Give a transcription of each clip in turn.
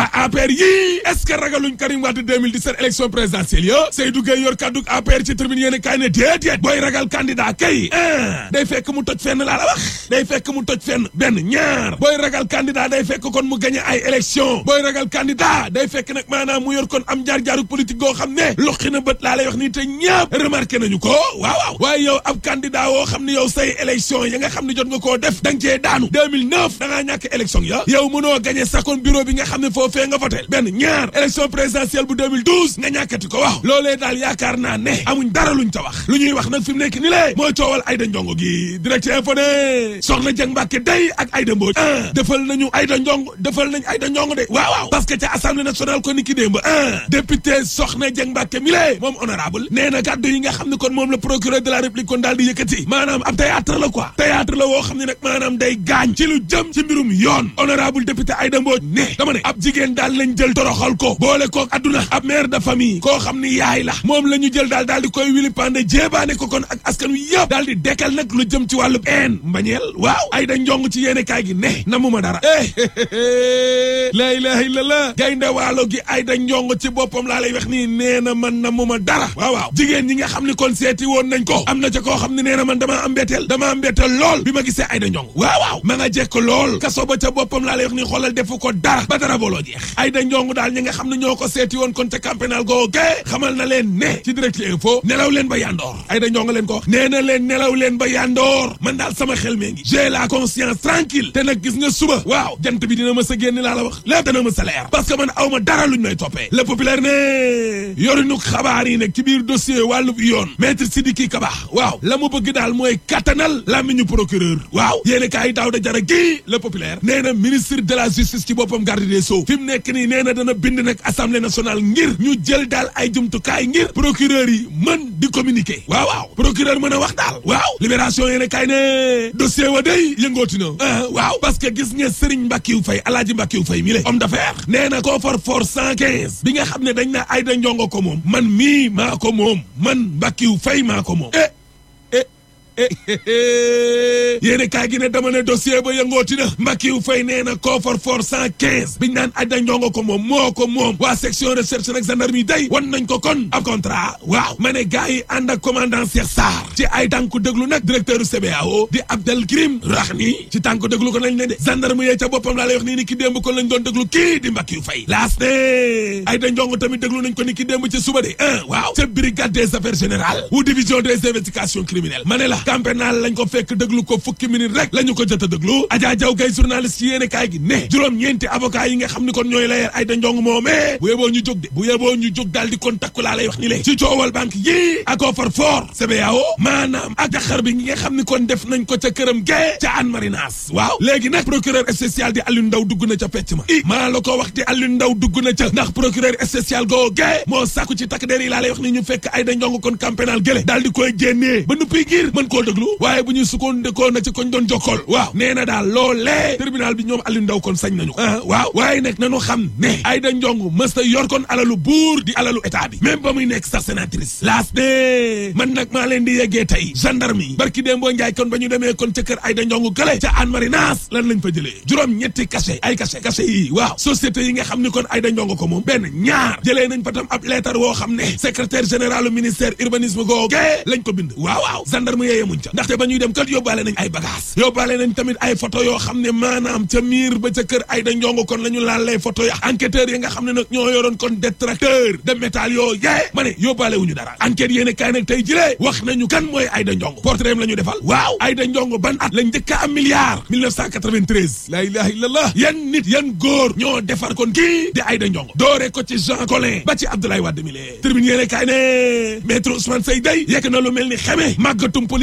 waa APR yii est-ce que ragaluñ Karim Wade 2017 élection présidentielle yo Seydou Gueye yor kàddu APR ci tribune yéen kaay ne déedéet booy ragal candidat kay day fekk mu toj fenn laa la wax day fekk mu toj fenn benn ñaar booy ragal candidat day fekk kon mu gagné ay élection booy ragal candidat day fekk nag maanaam mu yor kon am jaar-jaaru politique goo xam ne loxi bët laa lay wax nii te ñëpp remarqué nañu ko waaw waaw waaye yow ab candidat woo xam ne yow say élection ya nga xam ne jot nga koo def da nga cee daanu 2009 da ngaa ñàkk élection ne foofu foofee nga voté benn ñaar élection présidentielle bu nga ñàkkati ko waaw loolee daal yaakaar naa ne amuñ dara luñ ca wax lu ñuy wax nag fi mu nekk ni lee mooy coowal Aïda Ndiongo gi direct info soxna Dieng Mbacke day ak Aïda Mbodj ah defal nañu Aïda Ndiongo defal de waaw waaw parce que ca assemblée nationale ko ni ki démb ah député soxna Dieng Mbacke mi lee moom honorable nee na kàddu yi nga xam ne kon moom la procureur de la république kon daal di yëkkati maanaam ab théâtre la quoi xam ne nag maanaam day gaañ ci jigéen daal lañ jël toroxal ko boole ko adduna ab mère de famille koo xam ni yaay la moom la ñu jël daal daal di koy wili pande jéebaane ko kon ak askan wi yëpp daal di dekkal nag lu jëm ci wàllu een mbañeel waaw ay da njong ci yéene kaay gi ne namu ma dara eh laa ilaha illallah gaynde waalo gi ay da njong ci boppam laa lay wax nii nee na man namu ma dara waaw waaw jigéen ñi nga xam ni kon seeti woon nañ ko am na ca koo xam ne nee na man dama am mbetteel dama am mbetteel lool bi ma gisee ay da njong waaw waaw ma nga jekk lool kaso ba ca boppam laa ko jeex Aïda Ndiongue daal ñi nga xam ne ñoo ko seeti woon kon ca campénal googe xamal na leen ne ci direct info nelaw leen ba yandoor Aïda Ndiongue leen ko wax leen nelaw leen ba yandoor man daal sama xel mee ngi j'ai la conscience tranquille te nag gis nga suba waaw jant bi dina ma génn laa la wax lépp dana ma sa leer parce man aw dara luñ may toppee le populaire ne yorinu xabaar yi nag ci biir dossier wàllu yoon maître Sidiki Kaba waaw la mu bëgg daal a kaay mu nekk nii nee na dana bind nag assemblée national ngir ñu jël daal ay jumtukaay ngir procureur yi mën di communiquer waaw waaw procureur mën a wax daal waaw libération yéen a kaay ne dossier wa day yëngooti na ah, waaw parce que gis nga Serigne Mbackiou Faye Alaaji Mbackiou Faye mi le homme d'affaires nee na coffre fort 115 bi nga xam ne dañ na ay Aïda Ndiongo ko moom man mii maa ko moom man Mbackiou Faye maa ko moom eh, yéen kaay gi ne dama ne dossier ba yëngooti na Mbakiou fay nee na coffre fort cent quinze biñ naan Adja Ndiongo ko moom moo ko moom waa section recherche nag gendarmerie day wan nañ ko kon ab contrat waaw ma ne gars yi ànd ak commandant Cheikh Sarr ci ay tànku déglu nag directeur CBAO di Abdelkrim Rahni ci tànku déglu ko nañ ne de gendarmerie ca boppam laa lay wax nii ni ki démb kon lañ doon déglu kii di Mbakiou Faye laas ne Adja Ndiongo tamit déglu nañ ko ni ki démb ci suba de un waaw ca brigade des affaires ma ne la camp pénal ko fekk déglu ko fukki minute rek la ko jot a déglu Adja Diaw Gueye journaliste yéene gi ne juróom-ñeenti avocat yi nga xam ni kon ñooy layal ay da njong moomee bu yeboo ñu jóg de bu yeboo ñu jóg daal di kon takku laa wax ni lee ci coowal banque yi ak offre fort maanaam ak daxar bi nga xam ni kon def nañ ko ca këram gee ca Anne Marinas waaw léegi nag procureur spécial di Alioune Ndao dugg na ca pecc ma i maa la ko wax na ca ndax procureur spécial goo gee moo sàkku ci takk der yi laa da ko déglu waaye bu ñu sukkandikoo na ci koñ doon jokkool waaw nee na daal loolee tribunal bi ñoom Aliou Ndao kon sañ nañu ko ah, waaw waaye nag nañu xam ne Aïda Ndiongue mësta yor kon alalu buur di alalu état bi même ba muy nekk sax sénatrice laas de man nag maa leen di yeggee tey gendarme yi barki déem boo njaay kon ba ñu demee kon ca kër Aïda Ndiongue gële ca Anne Marie Nass lan lañ fa jëlee juróom ñetti cachet ay cachet cachet yi waaw yi nga xam ni kon Aïda Ndiongue ko moom benn ñaar jëlee nañ fa tam ab leetar woo xam ne secrétaire général ministère urbanisme googe lañ ko bind waaw waaw gendarme yemuñ ca ndaxte ba ñuy dem kat yóbbaale nañ ay bagage yóbbaale nañ tamit ay photo yoo xam ne maanaam ca miir ba ca kër Aïda Ndiongo kon la ñu laal lay photo ya enquêteurs yi nga xam ne nag ñoo yoroon kon détracteur de métal yoo yee ma ne yóbbaale wuñu dara enquête yéene kaay nag tey jilee wax nañu kan mooy Aïda Ndiongo portrait la ñu defal waaw Aïda Ndiongo ban at la njëkk a am milliard 1993 la ilaha illallah yan nit yan góor ñoo defar kon kii di Aïda Ndiongo doore ko ci Jean Collin ba ci Abdoulaye Wade mi lee tribune yéene kaay ne maître Ousmane Seye day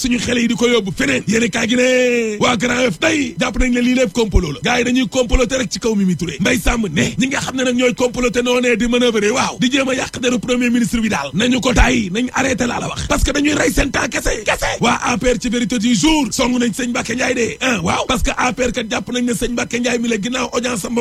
suñu xele yi di ko yóbbu feneen yéene kaa ne waa Grand Yoff day jàpp nañ ne lii lépp complot dañuy comploté rek ci kaw Mimi Touré Mbaye Samb ne ñi nga xam ne nag ñooy comploté noo ne di manœuvrer waaw di jéem a yàq deru premier ministre bi daal nañu ko tàyyi nañ arrêté laa la wax parce dañuy rey seen kese waa APR ci vérité du jour song nañ sëñ Mbacke Ndiaye de waaw parce que APR jàpp nañ ne sëñ Mbacke Ndiaye mi la ginnaaw audience am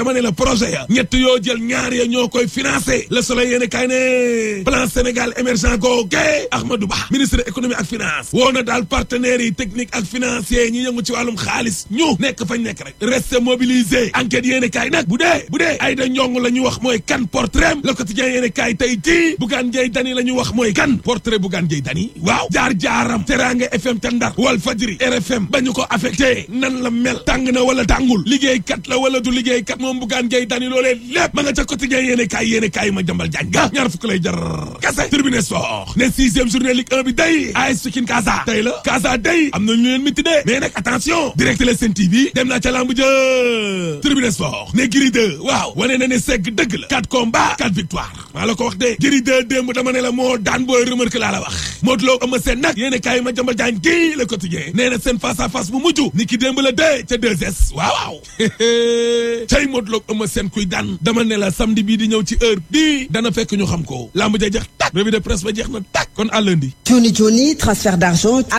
ba ñett yoo jël ñaar ya ñoo koy financé le soleil yéen kay ne plan Sénégal émergent googe Ahmadou Ba ministre économie ak finance woo na daal partenaires yi technique ak financier ñi yëngu ci wàllum xaalis ñu nekk fañ nekk rek reste mobilisé enquête yéen kay nag bu dee bu dee Aïda Ndiongue la ñu wax mooy kan portrait le quotidien yéen kay tey jii Bougane Gueye Dany la ñu wax mooy kan portrait Bougane Gueye Dany waaw jaar jaaram Teranga FM te Ndar wal Fadjri RFM ba ñu ko affecté nan la mel tàng na wala tàngul liggéeykat la wala du liggéeykat moom Bougane Gueye loolee lépp ma nga ca quotidien yéene kaay yéene kaay ma jambal jaañ ga ñaar fukk lay jar kese tribune sport ne sixième journée ligue 1 bi day AS Pikine Casa tey la Casa day am na ñu leen mitti dee mais nag attention direct la Sen TV dem naa ca lamb jë tribune sport ne Gris 2 waaw wane na ne segg dëgg la quatre combats quatre victoires maa la ko wax de Gris 2 démb dama ne la moo daan booy remarque laa la wax Modou Lo Eumeu Sène nag yéene kaay ma jambal jaañ gi le quotidien nee na seen face à face bu mujj ni ki démb la dee ca 2S waaw waaw cay Modou Lo Eumeu Sène kuy buy daan dama ne la samedi bii di ñëw ci heure bii dana fekk ñu xam ko lamb ja jeex tak revue de presse ba jeex na tak kon à lundi. cuuni transfert d'argent